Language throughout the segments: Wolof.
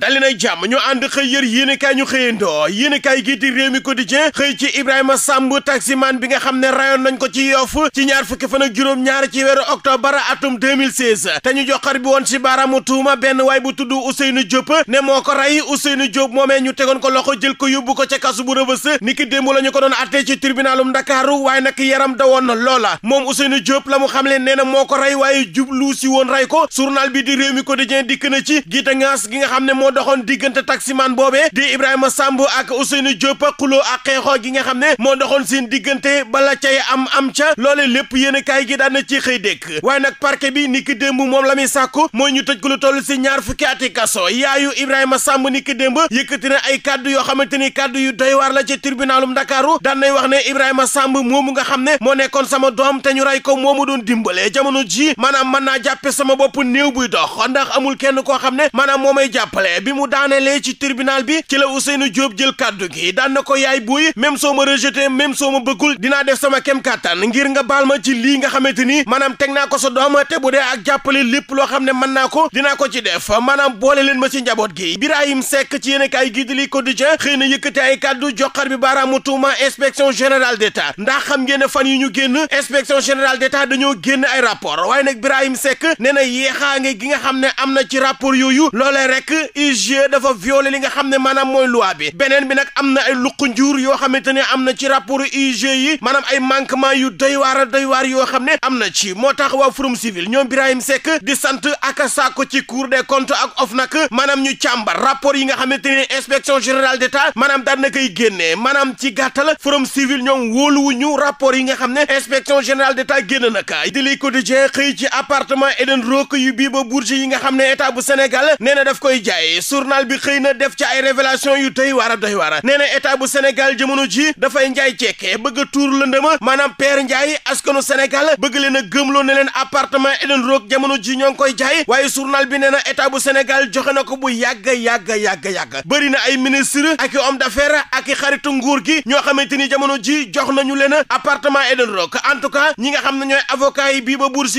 dali na jàmm ñu ànd xëy yër yéenekaay ñu xëyandoo yéenekaay gi di réew mi quotidien xëy ci Ibrahima Samb taximan bi nga xam ne rayoon nañ ko ci Yoff ci ñaar fukki fan juróom ñaar ci weeru octobre atum 2016 te ñu joxar bi woon ci baaraamu tuuma benn waay bu tudd Ousseynou Diop ne moo ko rey Ousseynou Diop moomee ñu tegoon ko loxo jël ko yóbbu ko ca kas bu Rebeuss niki démb la ñu ko doon àttee ci tribunalum Ndakaaru waaye nag yaram dawoon na loola moom Ousseynou Diop la mu xam le nee na moo ko rey waaye jublu si woon rey ko journal bi di réew mi quotidien dikk na ci giita ngaas gi nga xam ne moo doxoon diggante taximaan boobee di Ibrahima Samb ak Ousseynou Diop xuloo ak xeexoo gi nga xam ne moo doxoon seen diggante bala cay am am ca loole lépp yéen gi daan na ci xëy dëkk waaye nag parquet bi niki démb moom la muy sàkku mooy ñu tëj ko lu si ñaar fukki ati kaso yaayu Ibrahima Samb niki démb yëkkati na ay kàddu yoo xamante ni kaddu yu doy waar la ci tribunalum Ndakaaru daan nay wax ne Ibrahima Samb moomu nga xam ne moo nekkoon sama doom te ñu rey ko moomu doon dimbale jamono ji maanaam mën naa jàppe sama bopp néew buy dox ndax amul kenn koo xam ne maanaam moo may jàppale Eh, bi mu daanelee ci tribunal bi ci la Ousseynou Diop jël kàddu gi daan na ko yaay buy même soo ma rejeté même soo ma bëggul dinaa def sama kem kàttan ngir nga baal ma ci lii nga xamante ni maanaam teg naa ko sa doom te bu dee ak jàppale lépp loo xam ne mën naa ko dinaa ko ci def maanaam boole leen ma ci njaboot gi Birahim Seck ci yéen kaay gi di li quotidien xëy na yëkkati ay kaddu joxar bi baaraamu tuuma inspection générale d'État ndax xam ngeen fan yi ñu génn inspection générale d'État dañoo génn ay rapport waaye nag Birahim Seck nee na yeexaange gi nga xam ne am na ci rapport yooyu loolee rek religieux dafa li nga xam ne maanaam mooy loi bi beneen bi nag am na ay luqu njuur yoo xamante ne am na ci rapport IGE yi maanaam ay manquement yu doy waar a waar yoo xam ne am na ci moo tax waa Forum Civil ñoom Birahim Seck di sant ak saako ci Cour de comptes ak OFNAC maanaam ñu càmbar rapport yi nga xamante ne inspection générale d'État maanaam daan na koy génnee maanaam ci gàttal Forum Civil ñoom wóoluwuñu rapport yi nga xam ne inspection générale d'État génn na ka di lay quotidien xëy ci appartement yi nga xam ne état bu Sénégal nee na daf koy jaay journal bi xëy na def ci ay révélation yu tey war a doy war nee na état bu Sénégal jamono ji dafay njaay cekkee bëgg a tuur lëndëma maanaam Père Ndiaye askanu Sénégal bëgg leen a gëmloo ne leen appartement Eden Rock jamono ji ñoo ngi koy jaay waaye journal bi nee na état bu Sénégal joxe na ko bu yàgg yàgg yàgg yàgg bëri na ay ministre ak i homme d'affaires ak i xaritu nguur gi ñoo xamante ni jamono ji jox nañu leen appartement Eden Rock en tout cas ñi nga xam na ñooy avocat yi bii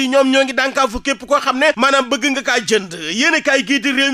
ñoom ñoo ngi dànkaafu képp koo xam ne maanaam bëgg nga kaa jënd yéen a kaay gii di réew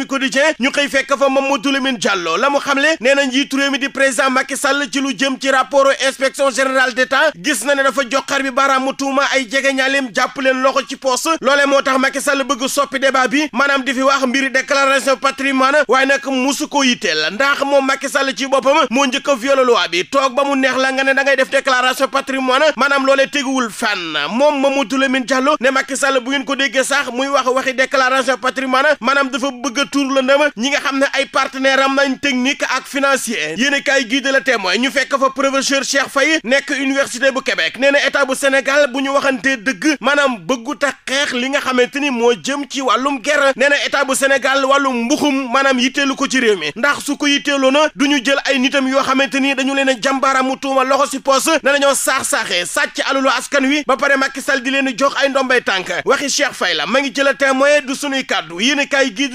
xëy fekk fa Mamadou Lamine Diallo la mu xamle nee na njiitu réew mi di président Macky Sall ci lu jëm ci rapport inspection générale d'État gis na ne dafa joxar bi baaraamu tuuma ay jege ñaaleem jàpp leen loxo ci poos loolee moo tax Macky Sall bëgg soppi débat bi maanaam di fi wax mbiri déclaration patrimoine waaye nag musu ko la ndax moom Macky Sall ci boppam moo njëkk a violé loi bi toog ba mu neex la nga ne da ngay def déclaration patrimoine maanaam loolee teguwul fenn moom Mamadou Lamine Diallo ne Macky Sall bu ngeen ko déggee sax muy wax waxi déclaration patrimoine maanaam dafa bëgg a tuur la ñi nga xam ne ay partenaire am nañ technique ak financier yéen kaay gii de la témoin ñu fekk fa professeur Cheikh fay nekk université bu Québec nee na état bu Sénégal bu ñu waxantee dëgg maanaam bëggu tax xeex li nga xamante ni moo jëm ci wàllum guerre nee na état bu Sénégal wàllum mbuxum maanaam yitteelu ko ci réew mi ndax su ko yitteeloo na du ñu jël ay nitam yoo xamante ni dañu leen a jàmbaaraamu tuuma loxo si poos ne nañoo saax-saaxee sàcc alalu askan wi ba pare maki Sall di leen jox ay ndombay tànk waxi Cheikh Faye la ma ngi jël témoin du sunuy kàddu yéen kaay gii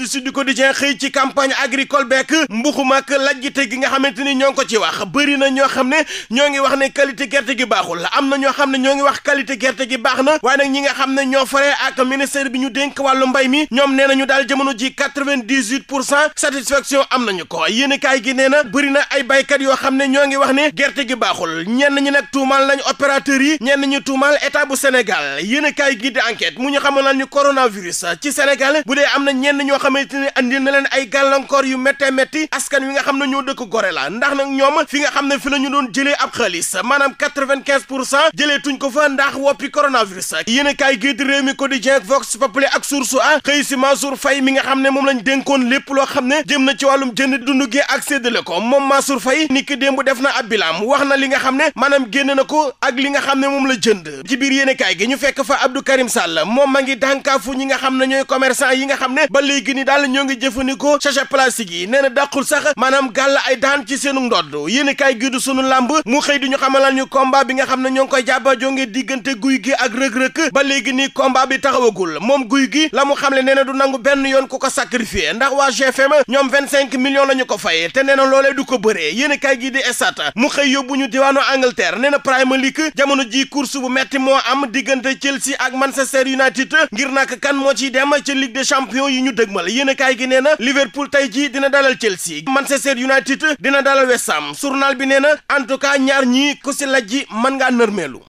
campagne agricole beek mbuxum ak te gi nga xamante ni ñoo ngi ko ci wax bëri na ñoo xam ne ñoo ngi wax ne qualité gerte gi baaxul am na ñoo xam ne ñoo ngi wax qualité gerte gi baax na waaye nag ñi nga xam ne ñoo fare ak ministère bi ñu dénk wàllu mbay mi ñoom nee nañu daal jamono ji quatre-vingt-dix-huit pour cent satisfaction am nañu ko yéenekaay gi nee na bëri na ay baykat yoo xam ne ñoo ngi wax ne gerte gi baaxul ñenn ñi nag tuumaal nañ opérateurs yi ñenn ñi tuumaal état bu Sénégal yéenekaay gi di enquête mu ñu xamoon ñu coronavirus ci Sénégal bu dee am na ñenn ñoo xamante ni andil na leen ay gàllankoor yu méttee métti askan wi nga xam ne ñoo dëkk Gorée la ndax nag ñoom fi nga xam ne fi la doon jëlee ab xaalis maanaam quatre-vingt-quinze pour cent jëlee tuñ ko fa ndax woppi coronavirus yéen a kaay gii di réew mi ak Source A xëy si Mansour Faye mi nga xam ne moom lañ dénkoon lépp loo xam ne jëm na ci wàllum jënd dund gi ak séddale ko moom Mansour Faye ni démb def na ab bilam wax na li nga xam ne maanaam génn na ko ak li nga xam ne moom la jënd ci biir yéen a kaay gi ñu fekk fa Abdou Karim Sall moom ma ngi dànkaafu ñi nga xam ne ñooy commerçant yi nga xam ne ba léegi ni daal ñoo ngi jëfandikoo ko sachet plastique yi nee na sax maanaam gàll ay daan ci seenu ndodd yéen i kaay gi du sunu làmb mu xëy duñu xamalal ñu combat bi nga xam ne ñoo ngi koy jàppa jonge diggante guy gi ak rëg-rëg ba léegi nii combat bi taxawagul moom guy gi la mu xamle nee na du nangu benn yoon ku ko sacrifié ndax waa ma ñoom vingt cinq millions la ñu ko fay te nee na loolee du ko bëree yéen i kaay gi di estat mu xëy yóbbu ñu diwaanu Angleterre nee na Premier League jamono ji course bu metti moo am diggante Chelsea ak Manchester United ngir nak kan moo ciy dem ci Ligue des yi ñu dëgmal yéen i kaay gi na Liverpool tey jii dina dalal Chelsea Manchester United dina dalal West Ham journal bi nee na en tout cas ñaar ñii ko si lajji man ngaa nërmeelu